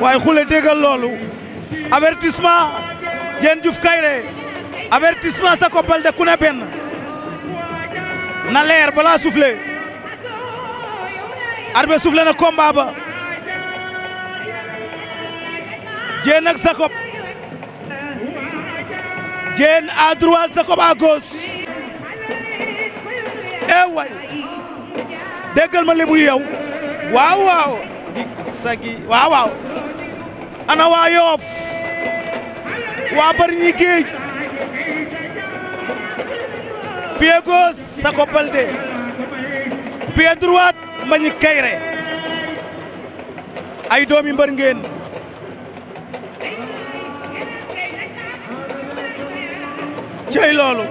waaye xule déggal loolu avertissement Diène Diouf Kairé avertissement Jacob Baldé ku ne benn na leer balaa soufflé arbitre soufflé na combat ba Diène ak Jacob Diène à droite Jacob à gauche ee eh ma lébu yow waaw ana waa Yoof waa Bargny Géej pied gauche Sako Baldé pied droite Mbagnick Kaïré ay doomi mbër ngeen cey loolu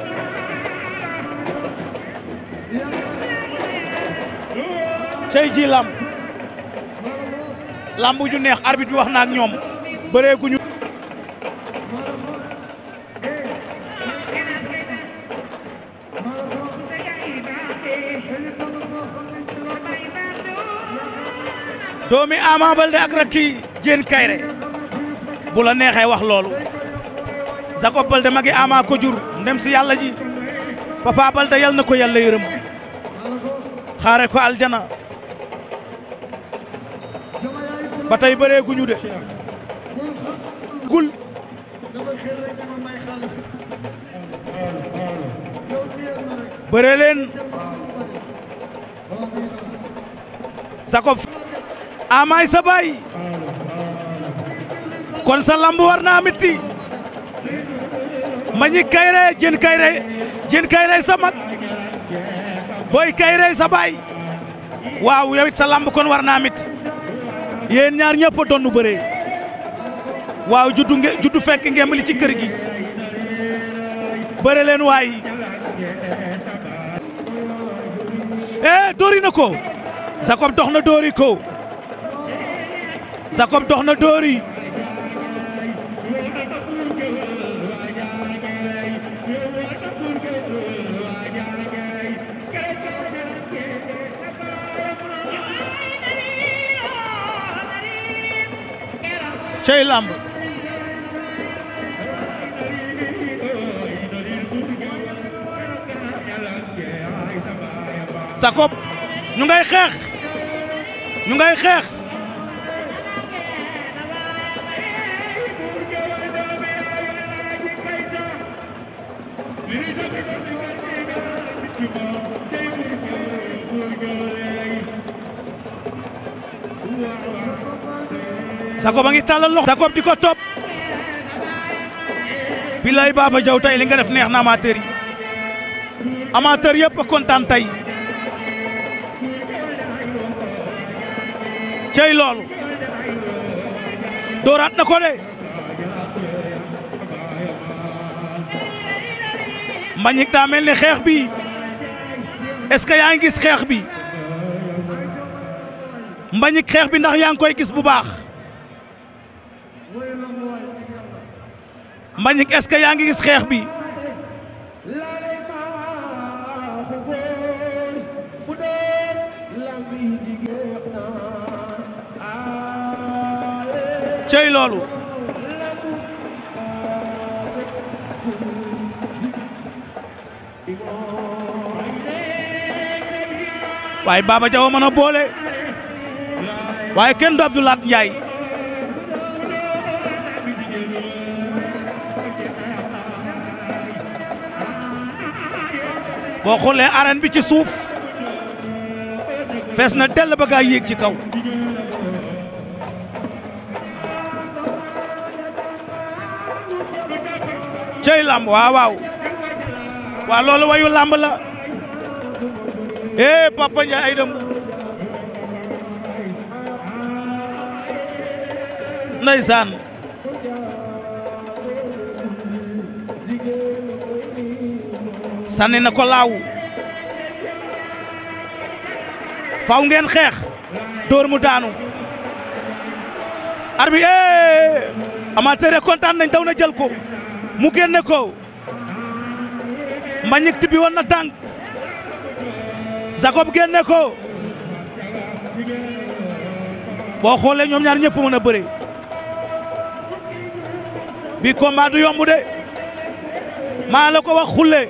cey ji lamb ju neex arbitre bi wax na ak ñoom bëreeguñu doomi Ama Baldé ak rakki Diène Kairé bu la neexee wax loolu Jacob Baldé magi Ama ko jur ndem si yàlla ji Papa yal na ko yàlla yërëm xaare ko aljana ba tey bëree guñu de gul bëre leen Zakob amaay sa baay kon sa lamb war naa miti mañi kayre jën kayre jën kayre sa mag booy kayre sa baay waaw yow it sa lamb kon war naa miti yéen ñaar ñëpp a doon bëree waaw juddu nge juddu fekk ngeen li ci kër gi bëre leen waay eh doori na ko Jacob dox na doori ko Jacob dox na doori. cey làmb Sakop ñu ngay xeex ñu ngay xeex Jacob a ngi tàllal loxo Jacob di ko topp bilay Baba Diaw tey li nga def neex na amateur yi amateur yëpp kontaan tey cey loolu dooraat na ko de mbañik daa mel ni xeex bi est-ce que yaa ngi gis xeex bi mbañik xeex bi ndax yaa ngi koy gis bu baax Mbagnick est-ce yaa ngi gis xeex bi cey loolu waaye Baba Diaw a mën a boole waaye kenn du Abdou Lat boo xoolee arène bi ci suuf fees na dell ba gaa yéeg ci kaw cey làmb waaw waaw waa loolu wayu làmb la eh Papa Ndiaye ay dem ndeysaan sànni na ko laaw faw ngeen xeex dóor mu daanu arbi eh amateur yi kontaan nañ daw na jël ko mu génne ko mbañik tibbi woon na tànk Jacob génne ko boo xoolee ñoom ñaar ñëpp mën a bëre bi combat du yomb de maa la ko wax xulle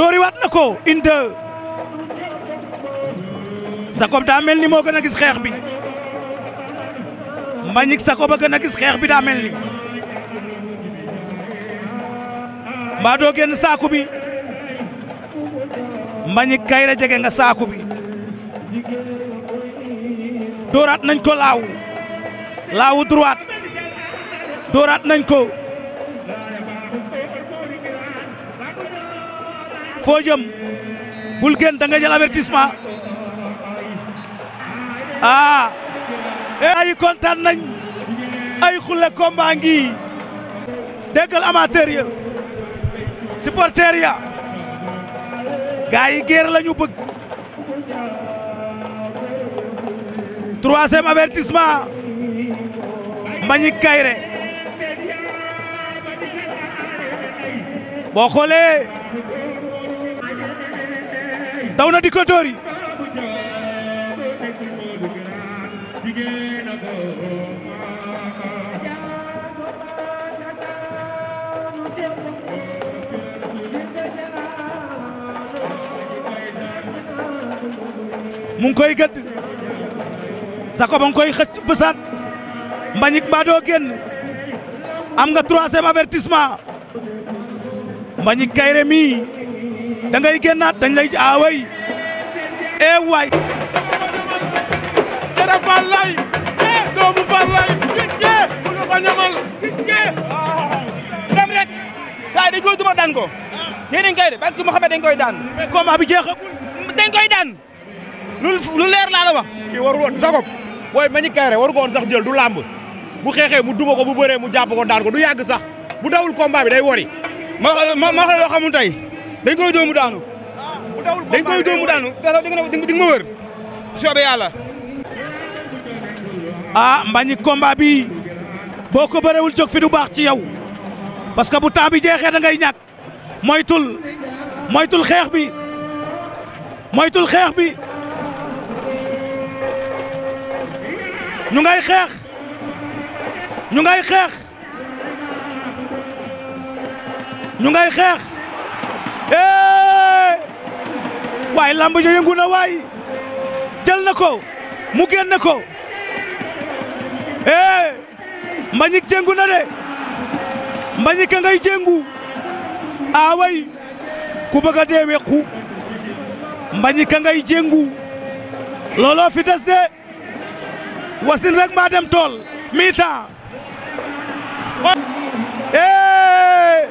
doori waat na ko une deux daa mel ni moo gën a gis xeex bi Mbagnick Jacob a gën a gis xeex bi daa mel ni mbaa doo génn saaku bi Mbagnick kayra jege nga saaku bi dooraat nañ ko laaw laawu droite dooraat nañ ko foo jëm bul génn da nga jël avertissement ah eh, ay kontaan nañ ay xulle combat ngi déggal amateur ya supporter ya gaa yi guerre la ñu bëgg troisième avertissement Mbagnick Kaïré boo xoolee daw na di ko ngi koy gëdd Jacob ba koy xëcc bësaat Mbagnick mbaa doo am nga troisième avertissement Mbagnick Kaïré da ngay génnaat dañ lay aaway ee waay jara fal lay doomu fal lay kicce bu ko ñamal kicce dem rek saa dañ koy duma daan dañ koy de barki Mouhamed dañ koy bi jeexagul dañ koy lu leer laa la wax kii waru woon Jacob booy mañi kayre waru ko woon sax jël du làmb bu xeexee mu duma ko bu bëree mu jàpp ko daan du yàgg sax bu dawul combat bi day wori ma ma ma loo xamul dañ koy dóomu daanu. dañ koy dóomu daanu daanaka da nga ne di nga ma wër. soobee yàlla. ah Mbagnick combat bi boo ko bëreewul jóg fi du baax ci yow parce que bu temps bi jeexee da ngay ñàkk moytul xeex bi moytul xeex bi ñu ngay xeex ñu ngay xeex ñu ngay xeex. waaye lamb yëngu na waay jël na ko mu génne ko ee eh, mbañik jéngu na de mbañik a ngay aaway ku bëgg a dee wequ mbañik a ngay looloo fi des de wasin rek maa dem tool miita ee eh,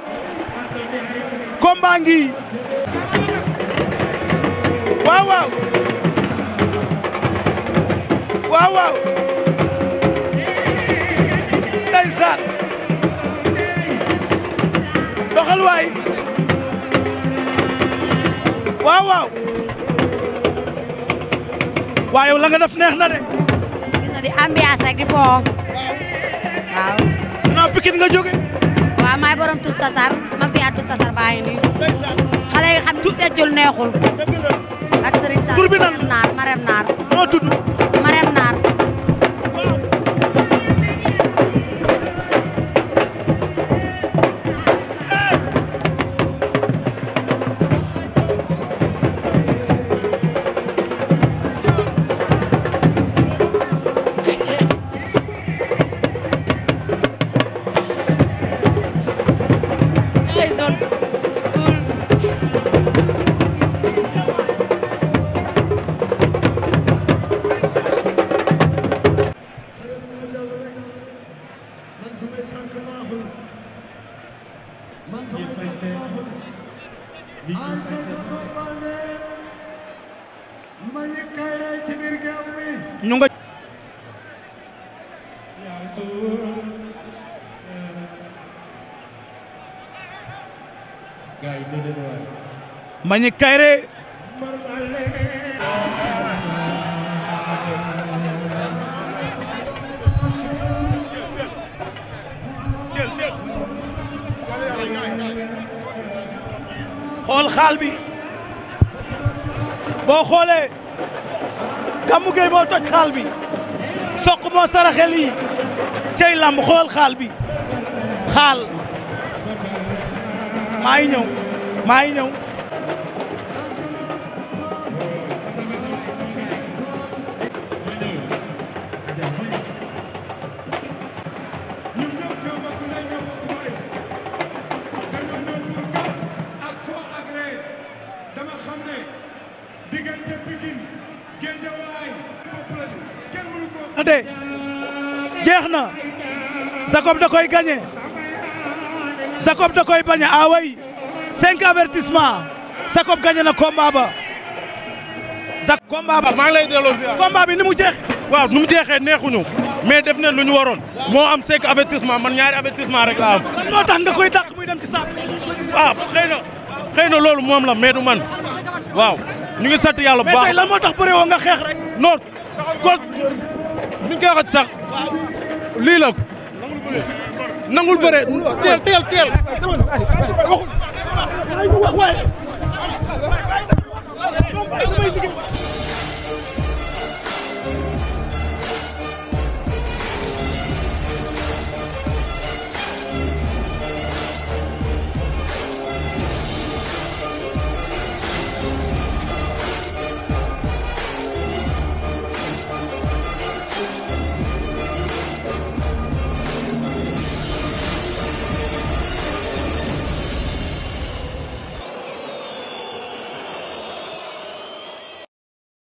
komba ngi waaw waaw waaw waaw ndeysaan doxal waay waaw waaw nga def neex na de gis di ambiance rek di foo waaw nga jóge waaw maay borom tus tasar ma fiya tus tasar baa ngi nii xale tu feccul neexul ak Serigne Sarr tur bi nan naar Marème Naar noo tudd Mbagnick Kaïré xool xaal bi boo xoolee Gamou Gueye moo toj xaal bi soq moo saraxe lii cey lamb xool xaal bi xaal maa ngi ñëw maa ngi ñëw. ante jeex na Jacob da koy gagné Jacob da koy bañ a ah cinq avertissement Jacob gagné na combat ba. Jacob combat ba maa ngi lay delloo ziar. bi ni mu jeex. waaw ni mu jeexee neexuñu mais def nañ lu ñu waroon. moo am cinq avertissement man ñaari avertissement rek laa am. lan tax nga koy dàq muy dem ci saako. Ah, waaw xëy na xëy na loolu moom la mais du waaw ñu ngi sant yàlla bu lan moo tax bëree woo nga xeex rek. non kon ni ñu koy waxee sax lii la. nangul bëre teel teel teel. waaye